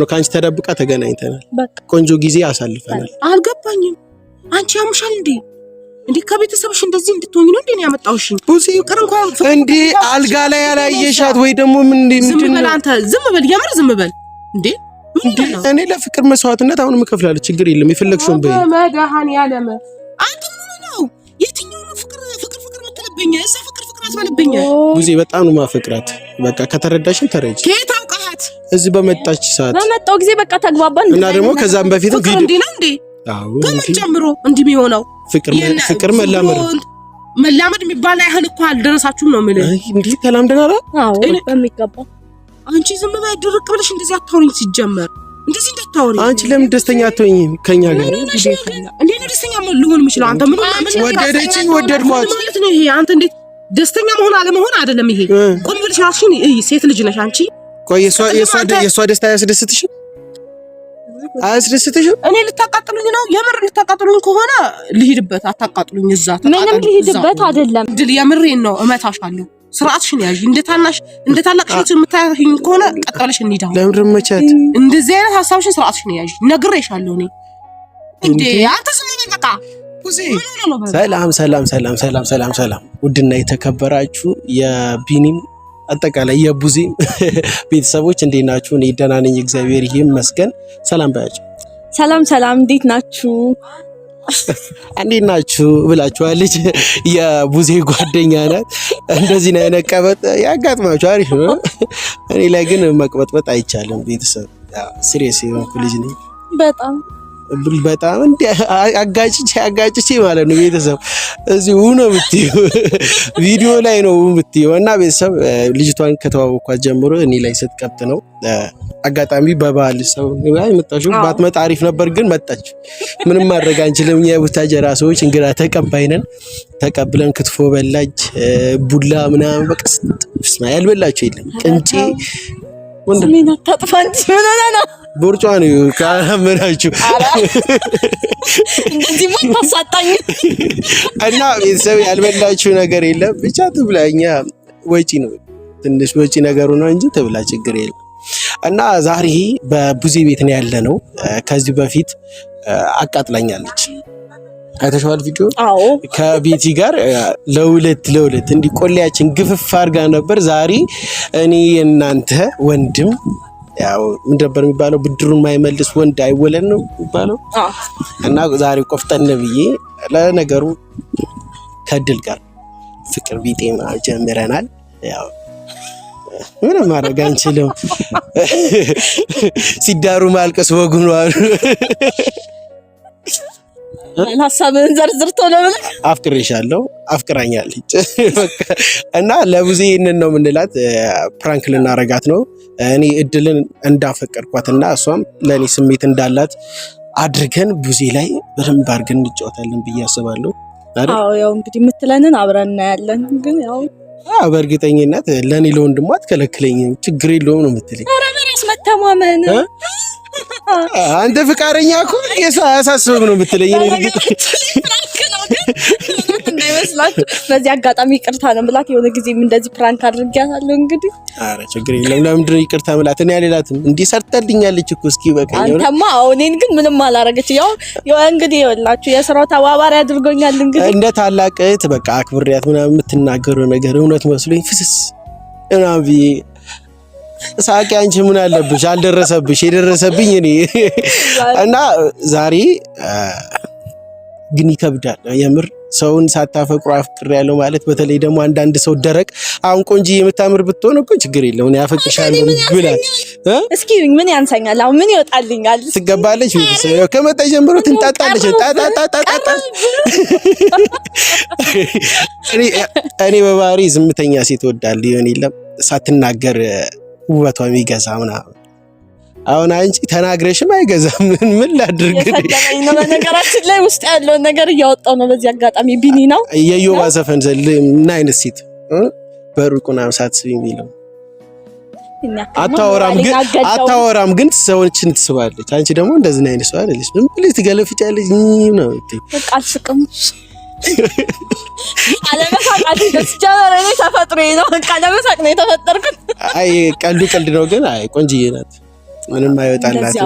ነው ከአንቺ ተደብቃ ተገናኝተናል። ቆንጆ ጊዜ አሳልፈናል። አልገባኝም። አንቺ ያሙሻል እንዴ? እንዴ ከቤተሰብሽ እንደዚህ እንድትሆኝ ነው እንዴ ያመጣሁሽ? ቡዚ ይቅር እንዴ አልጋ ላይ ያላየሻት ወይ ደግሞ ምን እንዴ ምንድን ነው? አንተ ዝም በል የምር ዝም በል እንዴ። እኔ ለፍቅር መስዋዕትነት አሁንም እከፍላለሁ። ችግር የለም የፈለግሽውን በይ። መድኃኒዓለም አንተ ምን ነው የትኛው ነው ፍቅር ፍቅር ፍቅር የምትለብኝ? እዛ ፍቅር ፍቅር አትበልብኝ። ቡዚ በጣም ነው ማፈቅራት። በቃ ከተረዳሽም ተረጂ ከየት አውቃ ሰዓት እዚህ በመጣች ሰዓት በመጣው ጊዜ በቃ ተግባባን። እና ደግሞ ከዛም በፊት ቪዲዮ እንዴ ነው እንዴ ከምን ጨምሮ እንዲህ የሚሆነው ፍቅር ፍቅር መላመድ መላመድ የሚባል አይሆን እኮ አልደረሳችሁም ነው የምልህ። እንዴ ተላምደናል። አዎ በሚገባ አንቺ ዝም ብለሽ ድርቅ ብለሽ እንደዚህ አታውሪኝ። ሲጀመር እንደዚህ እንዳታወሪ አንቺ ለምን ደስተኛ አትሆኝም? ከኛ ጋር እንዴት ነው ደስተኛ ልሆን የምችለው? አንተ ምን ወደደችኝ ወደድሟት ማለት ነው ይሄ። አንተ እንዴት ደስተኛ መሆን አለመሆን አይደለም ይሄ። ቆም ብለሽ ራስሽን እይ። ሴት ልጅ ነሽ አንቺ ቆይ የእሷ ደስታ አያስደስትሽም? አያስደስትሽም? እኔ ልታቃጥሉኝ ነው? የምር ልታቃጥሉኝ ከሆነ ልሂድበት። አታቃጥሉኝ። እዛ ምንም ልሂድበት አይደለም ድል፣ የምሬን ነው። እመታሻለሁ። ስርዓትሽን ያዥ። እንደታናሽ እንደታላቅሽ የምታይኝ ከሆነ ቀጥለሽ እንሂዳ። ለምንድን መቻት እንደዚህ አይነት ሀሳብሽን ስርዓትሽን ያዥ። ነግሬሻለሁ። እኔ እንዴ አንተ ስለኔ በቃ ሰላም፣ ሰላም፣ ሰላም፣ ሰላም፣ ሰላም፣ ሰላም። ውድና የተከበራችሁ የቢኒም አጠቃላይ የቡዜ ቤተሰቦች እንዴት ናችሁ? እኔ ደህና ነኝ፣ እግዚአብሔር ይመስገን። ሰላም ባያቸው። ሰላም ሰላም፣ እንዴት ናችሁ? እንዴት ናችሁ ብላችኋል። የቡዜ ጓደኛ ናት። እንደዚህ ነው የነቀበጥ ያጋጥማችሁ። አሪፍ ነው። እኔ ላይ ግን መቅበጥበጥ አይቻልም። ቤተሰብ ሲሪየስ የሆንኩ ልጅ ነኝ በጣም በጣም እንዲ አጋጭቼ አጋጭቼ ማለት ነው። ቤተሰብ እዚህ ነው የምትይው ቪዲዮ ላይ ነው የምትይው። እና ቤተሰብ ልጅቷን ከተዋወኳት ጀምሮ እኔ ላይ ስትቀብጥ ነው። አጋጣሚ በባህል ሰው መጣች። ባትመጣ አሪፍ ነበር፣ ግን መጣች። ምንም ማድረግ አንችልም። እኛ የቡታጀራ ሰዎች እንግዳ ተቀባይ ነን። ተቀብለን ክትፎ በላች፣ ቡላ ምናምን በቃ ያልበላቸው የለም ቅንጬ ስሜን አታጥፋ እንጂ ምን ሆነህ ነው? ቦርጫ ነው ካላመናችሁ እንደዚህ ሞት ታሳጣኝ እና ቤተሰብ ያልበላችሁ ነገር የለም። ብቻ ትብላ። እኛ ወጪ ነው ትንሽ ወጪ ነገሩ ነው እንጂ ትብላ፣ ችግር የለም። እና ዛሬ በቡዜ ቤት ነው ያለ ነው። ከዚህ በፊት አቃጥላኛለች። አይተሸዋል ቪዲዮ ከቤቲ ጋር ለሁለት ለሁለት እንዲህ ቆሌያችን ግፍፍ አድርጋ ነበር። ዛሬ እኔ የእናንተ ወንድም ያው ምን ነበር የሚባለው? ብድሩን ማይመልስ ወንድ አይወለን ነው የሚባለው። እና ዛሬ ቆፍጠን ብዬ ለነገሩ ከድል ጋር ፍቅር ቢጤማ ጀምረናል። ያው ምንም ማድረግ አንችልም። ሲዳሩ ማልቀስ ወጉ ነው አሉ ሀሳብህን ዘርዝርቶ ለምን አፍቅሬሻለሁ አፍቅራኛለች እና ለብዙ ይህንን ነው የምንላት። ፕራንክ ልናረጋት ነው። እኔ እድልን እንዳፈቀድኳት እና እሷም ለእኔ ስሜት እንዳላት አድርገን ብዙ ላይ በደንብ አድርገን እንጫወታለን ብዬ አስባለሁ። ያው እንግዲህ የምትለንን አብረን እናያለን። ግን ያው በእርግጠኝነት ለእኔ ለወንድሟ አትከለክለኝም፣ ችግር የለውም ነው የምትለኝ። ኧረ በራስ መተማመን አንተ ፍቃደኛ እኮ አያሳስብም ነው የምትለኝ። እንዳይመስላችሁ በዚህ አጋጣሚ ይቅርታ ነው ብላት የሆነ ጊዜም እንደዚህ ፕራንክ አድርጊያታለሁ። እንግዲህ ኧረ ችግር የለም። ለምንድን ነው ይቅርታ ብላት? እኔ አልላትም። እንዲህ ሰርታልኛለች እኮ እስኪ በቃ። አንተማ እኔን ግን ምንም አላረገች። ያው እንግዲህ ይኸውላችሁ የስራው ተባባሪ አድርጎኛል። እንግዲህ እንደ ታላቅት በቃ አክብሬያት ምናምን የምትናገረው ነገር እውነት መስሎኝ ፍስስ ምናምን ብዬ ሳቂ አንቺ ምን አለብሽ? አልደረሰብሽ። የደረሰብኝ እኔ እና ዛሬ ግን ይከብዳል የምር ሰውን ሳታፈቅሩ አፍቅር ያለው ማለት በተለይ ደግሞ አንዳንድ ሰው ደረቅ አሁን ቆንጆ የምታምር ብትሆን እኮ ችግር የለውም እኔ አፈቅርሻለሁ ብላት እስኪ ምን ያንሰኛል አሁን ምን ይወጣልኛል ትገባለች ከመጣ ጀምሮ ትንጣጣለች እኔ በባህሪ ዝምተኛ ሴት ወዳለሁ ይሆን የለም ሳትናገር ውበቷ የሚገዛ ምናምን አሁን አንቺ ተናግረሽም አይገዛም። ምን ላድርግ? በነገራችን ላይ ውስጥ ያለውን ነገር እያወጣው ነው። በዚህ አጋጣሚ ቢኒ ነው የዮባ ዘፈን ዘል ምን አይነት ሴት በሩቁን አምሳት ስብ የሚለው አታወራም፣ ግን አታወራም፣ ግን ሰዎችን ትስባለች። አንቺ ደግሞ እንደዚህ አይነት ሰው አይደለች። ምን ብለሽ ትገለፍጫለች ነው አልስቅም አለመሳቃት ተፈጥሮ ነው። አለመሳቅ ነው የተፈጠርኩት አይ ቀልዱ ቀልድ ነው፣ ግን አይ ቆንጅዬ ናት። ምንም አይወጣላት።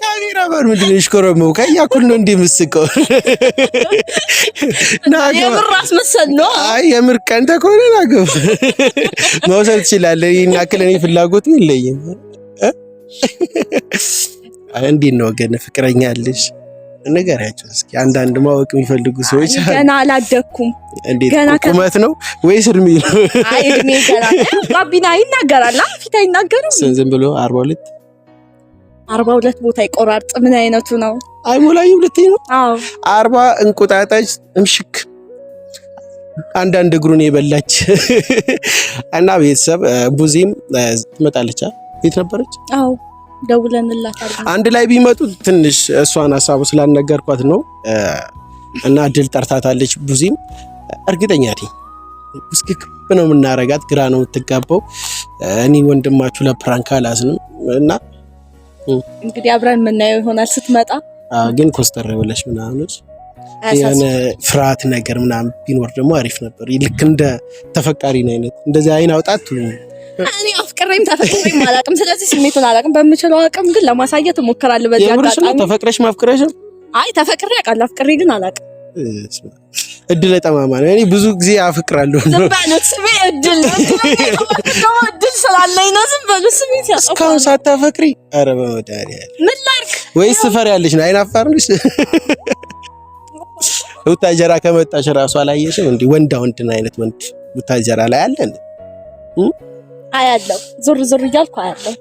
ካሜራ ባል ምንድን ነው ሽኮረመው? ከእኛ እኩል ነው እንዴ የምስቀው? የምር አስመሰል ነው። አይ የምር ቀንተ ከሆነ ናገብ መውሰድ ትችላለህ። ይህን ያክል እኔ ፍላጎቱ የለኝም። እንዴት ነው ግን ፍቅረኛ አለሽ? ንገሪያቸው እስኪ። አንዳንድ ማወቅ የሚፈልጉ ሰዎች ገና አላደኩም። እንዴት ቁመት ነው ወይስ እድሜ ነው? አይ እድሜ ገና ጋቢና ይናገራል። ፊት አይናገርም። ዝም ብሎ አርባ ሁለት አርባ ሁለት ቦታ ይቆራርጥ። ምን አይነቱ ነው? አይሞላዬ ሁለቴ ነው። አዎ አርባ እንቁጣጣች እምሽክ አንዳንድ እግሩን የበላች እና ቤተሰብ ቡዜም ትመጣለች። ቤት ነበረች። አዎ ደውለንላታል። አንድ ላይ ቢመጡ ትንሽ እሷን ሀሳቡ ስላልነገርኳት ነው እና ድል ጠርታታለች። ቡዚም እርግጠኛ ነኝ ውስክክብ ነው የምናረጋት። ግራ ነው የምትጋባው። እኔ ወንድማችሁ ለፕራንክ አላዝንም እና እንግዲህ አብረን የምናየው ይሆናል ስትመጣ። ግን ኮስተር ብለሽ ምናምን የሆነ ፍርሃት ነገር ምናምን ቢኖር ደግሞ አሪፍ ነበር። ልክ እንደ ተፈቃሪን አይነት እንደዚህ አይን አውጣት እኔ አፍቅሬም ተፈቅሬም አላውቅም። ስለዚህ ስሜቱን አላውቅም። በምችለው አቅም ግን ለማሳየት እሞክራለሁ። በዚህ አጋጣሚ ተፈቅረሽ ማፍቅረሽ? አይ ተፈቅሬ አውቃለሁ፣ አፍቅሬ ግን አላውቅም። እድለ ጠማማ ነው። እኔ ብዙ ጊዜ አፍቅራለሁ። ዝም በሉ ስሜ እድል እድል ስላለኝ ነው። ዝም በሉ ስሜ ሲያጠፋ እስካሁን ሳታፈቅሪ ኧረ በመድኃኒዓለም ምን ላድርግ? ወይስ ስፈር ያለሽ ነው? አይናፋር ነሽ። ቡታጀራ ከመጣሽ እራሱ አላየሽም እንዴ? ወንዳ ወንድን አይነት ወንድ ቡታጀራ ላይ አለ እንዴ? አያለው ዙር ዙር እያልኩ አያለው።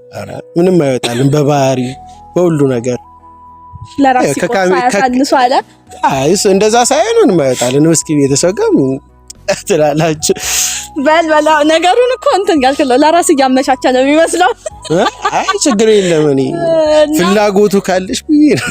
ምንም አይወጣልም በባህሪ በሁሉ ነገር ለራስ ሲቆጣ አለ። አይስ እንደዛ ሳይሆን ምንም አይወጣልን። እስኪ ቤተሰብ ጋር ትላላችሁ በል በላ ነገሩን እኮ እንትን ያልክለው ለራስ እያመቻቸ ነው የሚመስለው። አይ ችግር የለም እኔ ፍላጎቱ ካለሽ ብዬ ነው።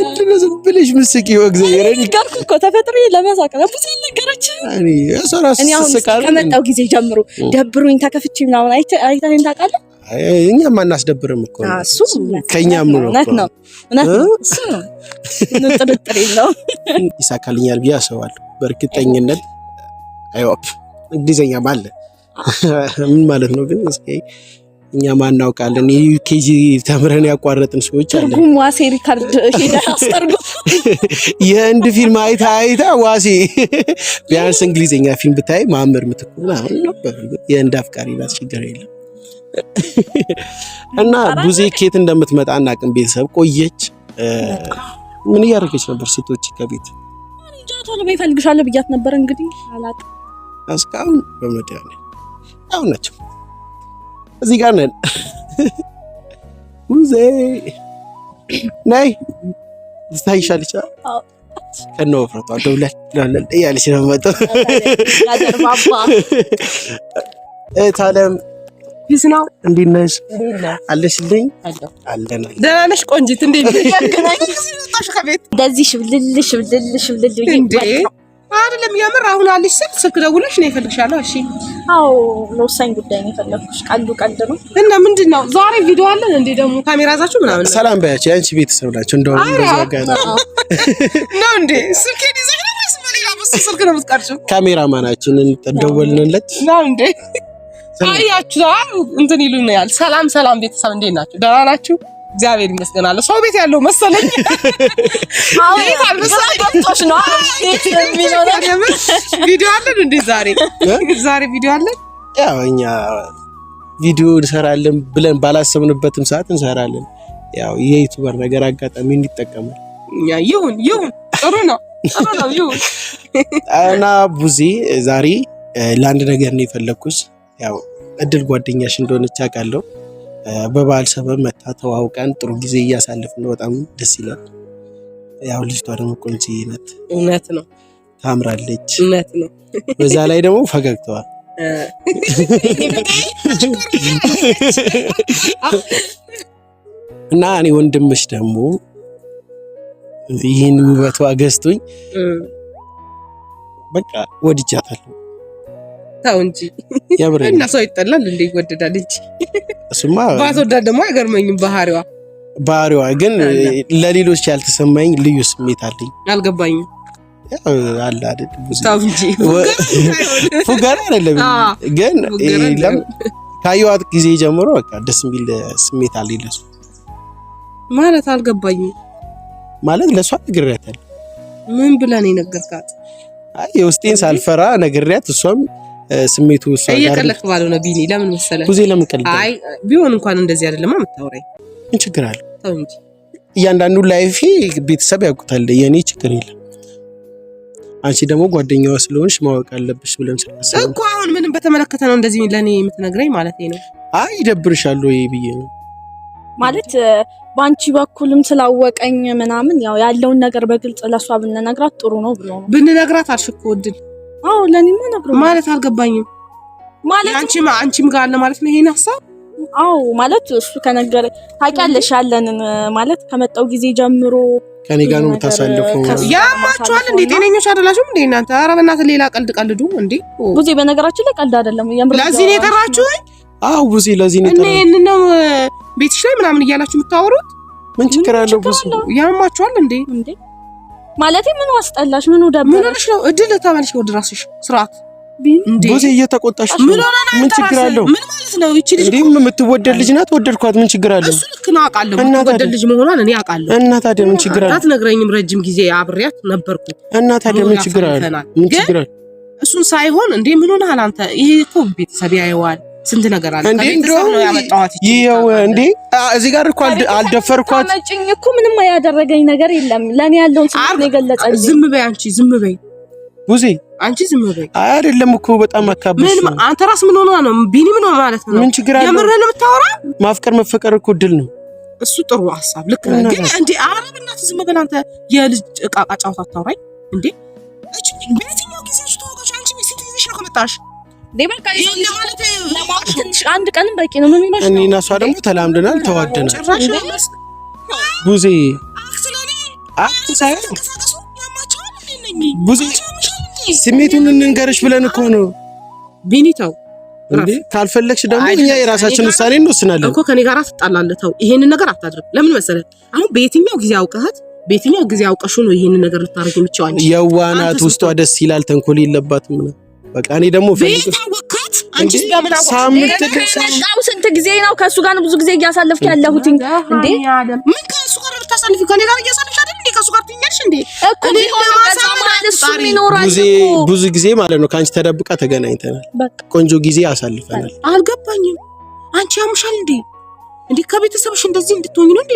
ምንድን ነው ዝም ብለሽ ምስቂው? እግዚአብሔርን ይጋርኩ እኮ ተፈጥሮ ለመሳቅ ብዙ ነገሮች እኔ እራሱ ስስቃለሁ። ጊዜ ጀምሮ ደብሩኝ ተከፍቼ ምናምን አይተኸኝ ታውቃለህ? እኛም አናስደብርም እኮ እሱ ከእኛም ነው ነው እሱ ነው። ይሳካልኛል ብዬ አስባለሁ በእርግጠኝነት። አይዋ እንግሊዘኛም አለ ምን ማለት ነው ግን እስኪ እኛ ማናውቃለን። ዩኬጂ ተምረን ያቋረጥን ሰዎች አለን። ዋሴ ሪካርድ ሄዳ የህንድ ፊልም አይታ አይታ ዋሴ ቢያንስ እንግሊዝኛ ፊልም ብታይ ማምር ምትኩን አሁን ነው የህንድ አፍቃሪ ናት፣ ችግር የለም። እና ቡዜ ኬት እንደምትመጣ እናቅም። ቤተሰብ ቆየች። ምን እያደረገች ነበር? ስቶች ከቤት ቶሎ ይፈልግሻለሁ ብያት ነበር። እንግዲህ አላውቅም እስካሁን በመዲያ ነው አሁን ናቸው እዚህ ጋር ነን። ሙዜ ነይ ትታይሻለች። ከነ ወፍረቷ ደውለል እያለች ነው የምመጣው። እህት አለም እንዴት ነሽ? አለሽልኝ? አለን። ደህና ነሽ ቆንጂት? እንዴት ነሽ? እንደዚህ ሽብልል ሽብልል ሽብልል አይደለም የምር አሁን አለሽ ስል ስልክ ደውለሽ ነው የፈለግሻለሁ? እሺ አዎ፣ ለወሳኝ ጉዳይ ነው የፈለግኩሽ። ቀልዱ ቀልድ ነው እና ምንድን ነው ዛሬ ቪዲዮ አለን እንዴ? ደግሞ ካሜራ ይዛችሁ ምናምን ሰላም ባያቸው የአንቺ ቤተሰብ ናቸው። እንደውም እንደዚያ ጋር ነው እንዴ? ስልኬን ይዘሽ ነው ወይስ በሌላ በሱ ስልክ ነው የምትቀርጪው? ካሜራማናችን እንደወልንለት ነው እንዴ? አያችሁ እንትን ያል ሰላም ሰላም፣ ቤተሰብ እንዴት ናችሁ? ደህና ናችሁ? እግዚአብሔር ይመስገናል። ሰው ቤት ያለው መሰለኝ። ቪዲዮ አለን እንዴ? ዛሬ ዛሬ ቪዲዮ አለን። ያው እኛ ቪዲዮ እንሰራለን ብለን ባላሰብንበትም ሰዓት እንሰራለን። ያው የዩቱበር ነገር አጋጣሚ እንዲጠቀማል። ይሁን ይሁን፣ ጥሩ ነው ጥሩ ነው ይሁን። እና ቡዜ ዛሬ ለአንድ ነገር ነው የፈለግኩሽ። ያው እድል ጓደኛሽ እንደሆነች አውቃለሁ በበዓል ሰበብ መታ ተዋውቀን ጥሩ ጊዜ እያሳለፍን ነው። በጣም ደስ ይላል። ያው ልጅቷ ደግሞ ቆንጆዬ ናት። እውነት ነው። ታምራለች። እውነት ነው። በዛ ላይ ደግሞ ፈገግተዋል። እና እኔ ወንድምሽ ደግሞ ይህን ውበቷ ገዝቶኝ በቃ ወድጃታለሁ። ተው እንጂ እና ሰው ይጠላል እንደ ይወደዳል እንጂ እሱማ ባትወዳድ ደግሞ አይገርመኝም። ባህሪዋ ባህሪዋ ግን ለሌሎች ያልተሰማኝ ልዩ ስሜት አለኝ። አልገባኝም አለ ፉገራ አይደለም ግን ካየኋት ጊዜ ጀምሮ በቃ ደስ የሚል ስሜት አለ ለሱ ማለት አልገባኝም። ማለት ለእሷ ነግሬያታለሁ። ምን ብለን የነገርካት? አይ የውስጤን ሳልፈራ ነግሬያት እሷም ስሜቱ እሷ ጋር እየቀለድክ ነው። ቢኒ ለምን መሰለህ? ብዙ ለምን ቀልድ አይ ቢሆን እንኳን እንደዚህ አይደለም የምታወራኝ። ምን ችግር አለ? ተው እንጂ እያንዳንዱ ላይፊ ቤተሰብ ያውቁታል። የኔ ችግር የለም። አንቺ ደግሞ ጓደኛዋ ስለሆንሽ ማወቅ አለብሽ ብለን ስለሰለ እኮ አሁን ምንም በተመለከተ ነው እንደዚህ ለኔ የምትነግረኝ ማለት ነው። አይ ይደብርሻል ወይ ብዬ ነው ማለት በአንቺ በኩልም ስላወቀኝ ምናምን ያው ያለውን ነገር በግልጽ ለሷ ብንነግራት ጥሩ ነው ብሎ ነው ብንነግራት አልሽኮ እድል አዎ ለኔማ ነግሮ ማለት አልገባኝም። ማለት አንቺም አንቺም ጋር አለ ማለት ነው ይሄን ሀሳብ። አዎ ማለት እሱ ከነገረ ታውቂያለሽ፣ ያለንን ማለት ከመጣው ጊዜ ጀምሮ ከኔ ጋር ነው የምታሳልፈው። ያማችኋል እንዴ? ጤነኞች አይደላችሁም እንዴ እናንተ? ኧረ በእናትህ ሌላ ቀልድ ቀልዱ እንዴ ቡዜ። በነገራችን ላይ ቀልድ አይደለም። ለዚህ ነው የጠራችሁኝ? አዎ ቡዜ፣ ለዚህ ነው የጠራችሁኝ። እኔ እንነው ቤትሽ ላይ ምናምን እያላችሁ የምታወሩት። ምን ችግር አለው ቡዜ? ያማችኋል እንዴ? ማለት ምን ዋስጠላሽ? ምን ደግሞ ምን ሆነሽ ነው? እድል ተመልሽ ወደ ራስሽ ስርዓት ጊዜ እየተቆጣሽ ምን ችግር አለው? ምን ማለት ነው? ይቺ ልጅ የምትወደድ ልጅ ናት። ወደድኳት፣ ምን ችግር አለው? እሱ ልክ ነው አውቃለሁ፣ የምትወደድ ልጅ መሆኗን እኔ አውቃለሁ። እና ታዲያ ምን ችግር አለው? አትነግረኝም? ረጅም ጊዜ አብሬያት ነበርኩ። እና ታዲያ ምን ችግር አለው? ምን ችግር አለው? እሱን ሳይሆን እንዴ ምን ሆነሃል አንተ? ይሄ እኮ ቤተሰብ ያየዋል ስንት ነገር አለ። እንዴ እንደው ይኸው እንዴ እዚህ ጋር እኮ አልደፈርኳት። መጭኝ እኮ ምንም ያደረገኝ ነገር የለም። ለእኔ ያለውን ስሜት የገለጸልኝ። ዝም በይ አንቺ፣ ዝም በይ ውዜ አንቺ ዝም በይ። አይ አይደለም እኮ በጣም አካብሽ። ምን አንተ ራስ ምን ሆነ ነው? ቢኒ ምን ሆነ ማለት ነው? ምን ችግር አለ? የምርህን የምታወራ ማፍቀር መፈቀር እኮ ድል ነው። እሱ ጥሩ ሀሳብ ልክ ነው። ግን እንዴ አረ በእናትህ ዝም በል አንተ። የልጅ ዕቃ ዕቃ ጫወታ አታውራኝ እንዴ። እቺ በየትኛው ጊዜ ተወጋሽ አንቺ? ሴት ይዘሽ ነው ከመጣሽ አንድ ቀንም በቂ ነው። እኔ እና እሷ ደግሞ ተላምደናል፣ ተዋደናል። ጉዜ አክት ሳይሆን ጉዜ ስሜቱን እንንገርሽ ብለን እኮ ነው ቢኒ። ተው እንዴ! ካልፈለግሽ ደግሞ እኛ የራሳችን ውሳኔ እንወስናለን እኮ። ከኔ ጋር ትጣላለህ። ተው፣ ይሄንን ነገር አታድርግ። ለምን መሰለህ? አሁን በየትኛው ጊዜ አውቀሃት በየትኛው ጊዜ አውቀሽው ነው ይሄንን ነገር ልታደርግ የምትችይው? አንቺ ውስጧ ደስ ይላል፣ ተንኮል የለባትም ምናምን በቃ እኔ ደግሞ ስንት ጊዜ ነው ከእሱ ጋር ብዙ ጊዜ እያሳለፍክ ያለሁት እንዴ? ብዙ ጊዜ ማለት ነው። ከአንቺ ተደብቃ ተገናኝተናል፣ ቆንጆ ጊዜ አሳልፈናል። አልገባኝም። አንቺ ያሙሻል እንዴ? እንዴ ከቤተሰብሽ እንደዚህ እንድትሆኝ ነው እንዴ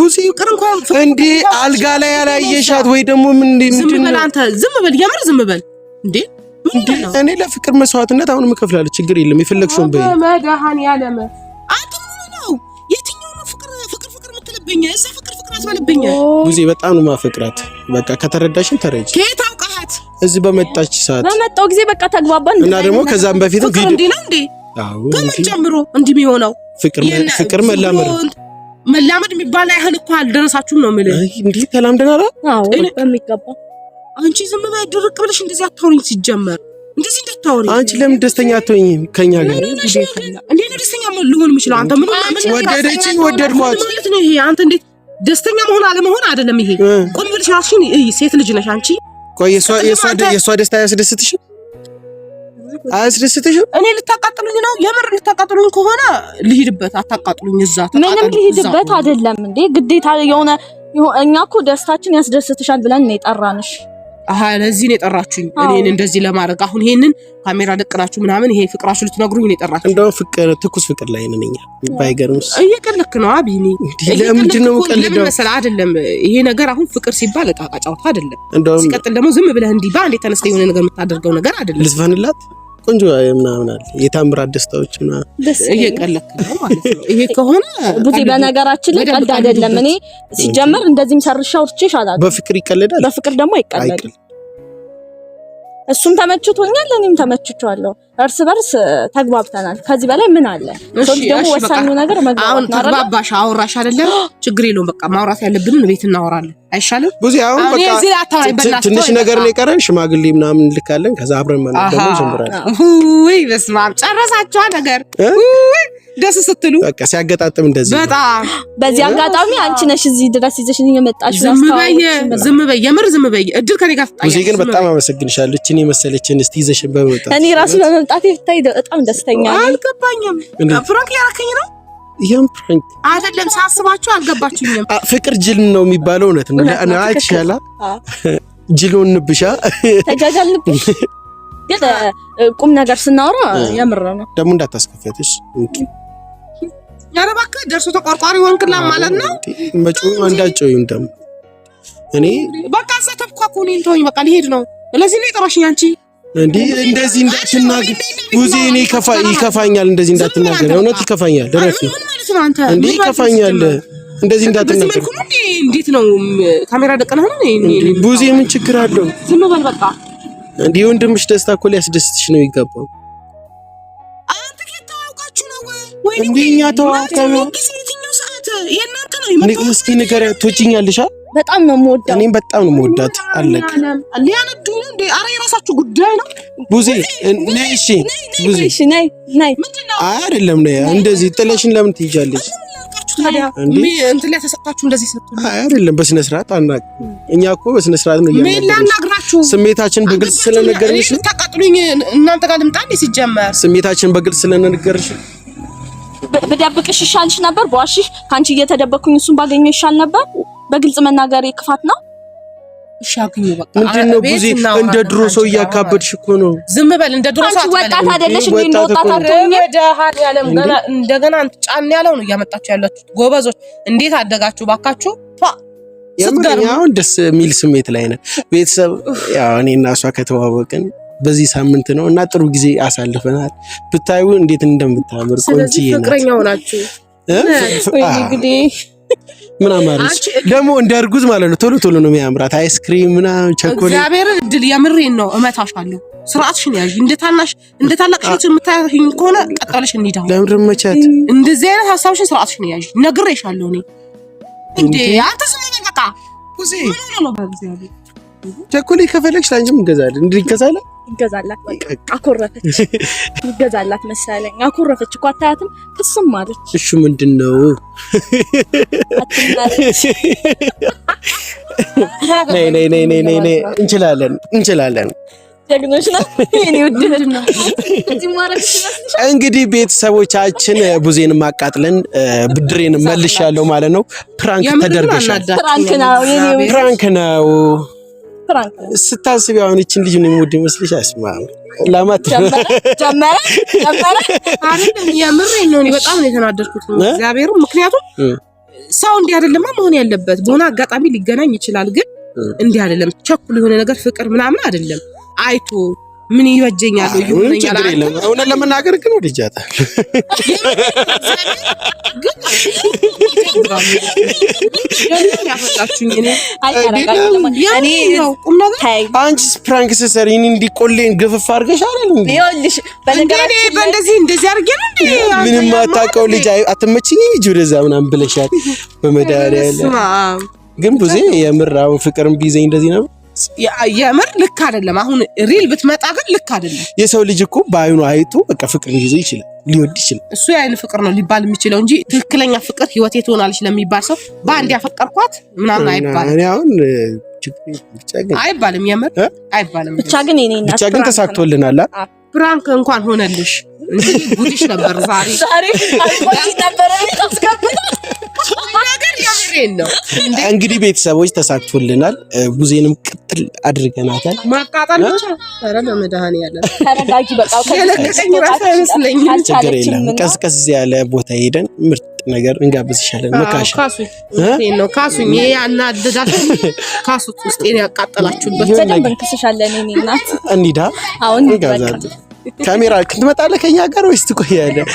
ቡዚ እንኳን እንዴ አልጋ ላይ ያላየሻት ወይ ደግሞ ምን እንዴ ዝም በል አንተ፣ ዝም በል የምር ዝም በል እንዴ እኔ ለፍቅር መስዋዕትነት አሁንም እከፍላለሁ። ችግር የለም። የፈለግሽውን በይ። መድኃኒዓለም አንተ ምን በጣም ነው ማፈቅራት። በቃ ከተረዳሽን ተረጅ። ከየት አውቃት? እዚህ በመጣች ሰዓት በመጣው ጊዜ በቃ ተግባባን። እና ደግሞ ከዛም በፊት ቪዲዮ እንዴ ነው እንዴ? አዎ ከምን ጀምሮ እንዲህ የሚሆነው ፍቅር ፍቅር መላመር መላመድ የሚባል አይሆን እኮ አልደረሳችሁም ነው የምልህ። እንዴ ተላምደናል። አዎ በሚገባ አንቺ ዝም በይ ድርቅ ብለሽ እንደዚህ አታወሪኝ። ሲጀመር እንደዚህ እንዳታወሪኝ። አንቺ ለምን ደስተኛ አትሆኝም ከኛ ጋር? እንዴት ነው ደስተኛ ልሆን የምችለው? አንተ ምን ማለት ወደደችኝ ወደድሟት ማለት ነው ይሄ። አንተ እንዴት ደስተኛ መሆን አለመሆን አይደለም ይሄ። ቆም ብለሽ ራስሽን እይ። ሴት ልጅ ነሽ አንቺ። ቆይ የእሷ ደስታ ያስደስትሽ አያስደስትሽም? እኔ ልታቃጥሉኝ ነው? የምር ልታቃጥሉኝ ከሆነ ልሂድበት። አታቃጥሉኝ። እዛ ምንም ልሂድበት አይደለም እንዴ ግዴታ የሆነ እኛ እኮ ደስታችን ያስደስትሻል ብለን ነው የጠራንሽ። ለዚህ ነው የጠራችሁኝ እኔን እንደዚህ ለማድረግ። አሁን ይሄንን ካሜራ ደቅናችሁ ምናምን ይሄ ፍቅራችሁ ልትነግሩኝ ነው የጠራችሁ። እንደውም ፍቅር ትኩስ ፍቅር ላይ ነን እኛ። ባይገርምስ እየቀለክ ነው አቢኒ። ለምንድን ነው የምቀልደው መሰለህ? አይደለም ይሄ ነገር አሁን ፍቅር ሲባል እቃ ጫወታ አይደለም። ሲቀጥል ደግሞ ዝም ብለህ እንዲህ በአንዴ ተነስተህ የሆነ ነገር የምታደርገው ነገር አይደለም። ልዝፈንላት ቆንጆ ምናምን አለ የታምራት ደስታዎች እየቀለክ ማለት ነው። ይሄ ከሆነ ቡዜ፣ በነገራችን ላይ ቀልድ አይደለም። እኔ ሲጀመር እንደዚህም ሰርሻ ውርቼሽ አላውቅም። በፍቅር ይቀልዳል፣ በፍቅር ደግሞ አይቀለድም። እሱም ተመችቶኛል፣ እኔም ተመችቼዋለሁ። እርስ በርስ ተግባብተናል። ከዚህ በላይ ምን አለ? ሰዎች ደግሞ ወሳኙ ነገር መግባባት። አሁን ተግባባሽ፣ አወራሽ አይደለም፣ ችግር የለውም። በቃ ማውራት ያለብን ቤት እናወራለን። አይሻልም? ብዙ አሁን በቃ ትንሽ ነገር ነው የቀረን። ሽማግሌ ምናምን እንልካለን። ከዛ አብረን መኖር ደግሞ ጀምራለን። ውይ በስመ አብ ጨረሳችኋ ነገር ደስ ስትሉ በቃ ሲያገጣጥም እንደዚህ በጣም በዚህ አጋጣሚ አንቺ ነሽ እዚህ ድረስ ይዘሽኝ የመጣሽ። ዝም በይ ዝም በይ የምር ዝም በይ። እድል ከኔ ጋር ግን በጣም አመሰግንሻለሁ። እቺን መሰለችን እስቲ ይዘሽን በመጣ እኔ ራሱ መምጣቴ ይታይ በጣም ደስተኛ ነኝ። አልገባኝም። ፍራንክ ያረከኝ ነው። ይሄን ፍራንክ አይደለም። ሳስባችሁ አልገባችሁኝም። ፍቅር ጅል ነው የሚባለው እውነት ነው። ለአና አይቻላ ጅሎን ንብሻ ተጃጃልንብሽ ግን ቁም ነገር ስናወራ የምር ነው። ደግሞ እንዳታስከፈትሽ ያረባከ ደርሶ ተቆርቋሪ ሆንክላ ማለት ነው። መጪ አንዳጨዩን ደግሞ እኔ በቃ ዘተብኳኩ እኔን ተወኝ በቃ ሊሄድ ነው። ለዚህ ነው የጠራሽኝ አንቺ እንዴ እንደዚህ እንዳትናገር ኡዚ፣ እኔ ይከፋኛል። እንደዚህ እንዳትናገር፣ እውነት ይከፋኛል። ረፊ እንዴ ይከፋኛል። እንደዚህ እንዳትናገር። እንዴት ነው ካሜራ ደቀነህ ነው ቡዜ? ምን ችግር አለው? ዝም በል በቃ። እንዴ ወንድምሽ ደስታ እኮ ሊያስደስትሽ ነው ይገባው። አንተ ከታውቃችሁ ነው ወይ? እንዴ እኛ ተዋውቀን ነው። የትኛው የእናንተ ነው? እስኪ ንገሪያት፣ ትወጪኛለሽ? በጣም ነው የምወዳት። እኔም በጣም ነው የምወዳት። አለቀ። ሊያነዱ ነው እንዴ? አረ የራሳችሁ ጉዳይ ነው። ቡዜ ነይ፣ እሺ ቡዜ ነይ፣ ነይ። አይ አይደለም፣ ነይ። እንደዚህ ጥለሽን ለምን ትይዣለሽ? እንትን ላይ ተሰጣችሁ እንደዚህ ስትሉ፣ አይ አይደለም፣ በስነ ስርዓት አናቅ። እኛ እኮ በስነ ስርዓት ነው ያናግራችሁ። ስሜታችን በግልጽ ስለነገርሽ ልታቃጥሉኝ እናንተ ጋር ልምጣ እንዴ? ሲጀመር ስሜታችን በግልጽ ስለነገርሽ ብደብቅሽ ይሻልሽ ነበር? በዋሽሽ ከአንቺ እየተደበኩኝ እሱን ባገኘው ይሻል ነበር? በግልጽ መናገር ክፋት ነው? ምንድነው ጊዜ እንደ ድሮ ሰው እያካበድሽ እኮ ነው። ዝም በል እንደ ድሮ ሰው ወጣት አይደለሽ እንዴ? ሀል ያለም ገና እንደገና ጫን ያለው ነው እያመጣችሁ ያላችሁት። ጎበዞች እንዴት አደጋችሁ ባካችሁ። አሁን ደስ የሚል ስሜት ላይ ነን። ቤተሰብ ያው እኔ እና እሷ ከተዋወቅን በዚህ ሳምንት ነው እና ጥሩ ጊዜ አሳልፈናል። ብታዩ እንዴት እንደምታምር ቆንጆ ፍቅረኛው ናችሁ። ምን አማረች ደግሞ እንደ እርጉዝ ማለት ነው። ቶሎ ቶሎ ነው የሚያምራት አይስክሪም ምናምን ቸኮሌት። እግዚአብሔር እድል የምሬን ነው። እመታሻለሁ። ስርዓትሽን ያዥ። እንደ ታናሽ እንደ ታላቅ እህት የምታይኝ ከሆነ ቀጥ ብለሽ ለምድር መቻት እንደዚህ አይነት ሀሳብሽን ስርዓትሽን ያዥ። ነግሬሻለሁ እኔ እንዴ አንተ ስለኔ በቃ ቸኮሌት ከፈለግሽ ላንቺም እንገዛለን እንዲህ እንገዛለን ይገዛላት አኮረፈች። ይገዛላት መሰለኝ አኮረፈች እኮ አታያትም። ክስም አለች። እሺ ምንድን ነው እንችላለን እንችላለን እንግዲህ ቤተሰቦቻችን ቡዜንም አቃጥለን ብድሬን መልሻለሁ ማለት ነው። ፕራንክ ተደርገሻል። ፕራንክ ነው። ስታስብ አሁን እችን ልጅ ነው የሚወድ ይመስልሽ? አስማ ለማት ጀመረ ጀመረ። አሁን የምሬን ነው፣ በጣም ነው የተናደድኩት እግዚአብሔር። ምክንያቱም ሰው እንዲህ አይደለማ መሆን ያለበት። በሆነ አጋጣሚ ሊገናኝ ይችላል፣ ግን እንዲህ አይደለም። ቸኩል የሆነ ነገር ፍቅር ምናምን አይደለም አይቶ ምን ይወጀኛል? ችግር የለም። እውነት ለመናገር ግን ወድጃታል። አንቺስ ፕራንክ ስትሰሪ እኔ እንዲህ ግፍፍ አድርገሽ አይደል? ምንም አታውቀው ልጅ አትመችኝ ልጅ ወደዛ ምናምን ብለሻል። በመድኃኒዓለም ግን ብዙ የምር አሁን ፍቅርም ቢይዘኝ እንደዚህ ነበር የምር ልክ አይደለም። አሁን ሪል ብትመጣ ግን ልክ አይደለም። የሰው ልጅ እኮ በአይኑ አይቶ በቃ ፍቅር ሊይዘ ይችላል ሊወድ ይችላል። እሱ የአይን ፍቅር ነው ሊባል የሚችለው እንጂ ትክክለኛ ፍቅር ህይወቴ ትሆናለች ለሚባል ሰው በአንድ ያፈቀርኳት ምናምን አይባልም። አሁን አይባልም፣ የምር አይባልም። ብቻ ግን ብቻ ግን ተሳክቶልናል። ፕራንክ እንኳን ሆነልሽ እንጂ ጉድሽ ነበር ዛሬ ዛሬ እውነቴን ነው። እንግዲህ ቤተሰቦች ተሳክቶልናል። ጉዜንም ቅጥል አድርገናታል። ማቃጠል ብቻ ኧረ በመድኃኒዓለም ተረጋጊ። በቃ አይመስለኝም። ችግር የለም። ቀዝቀዝ ያለ ቦታ ሄደን ምርጥ ነገር እንጋብዝሻለን። መካሽ ነው ካሱት ውስጤን ያቃጠላችሁበት ካሜራ ትመጣለህ ከኛ ጋር ወይስ ትቆያለህ?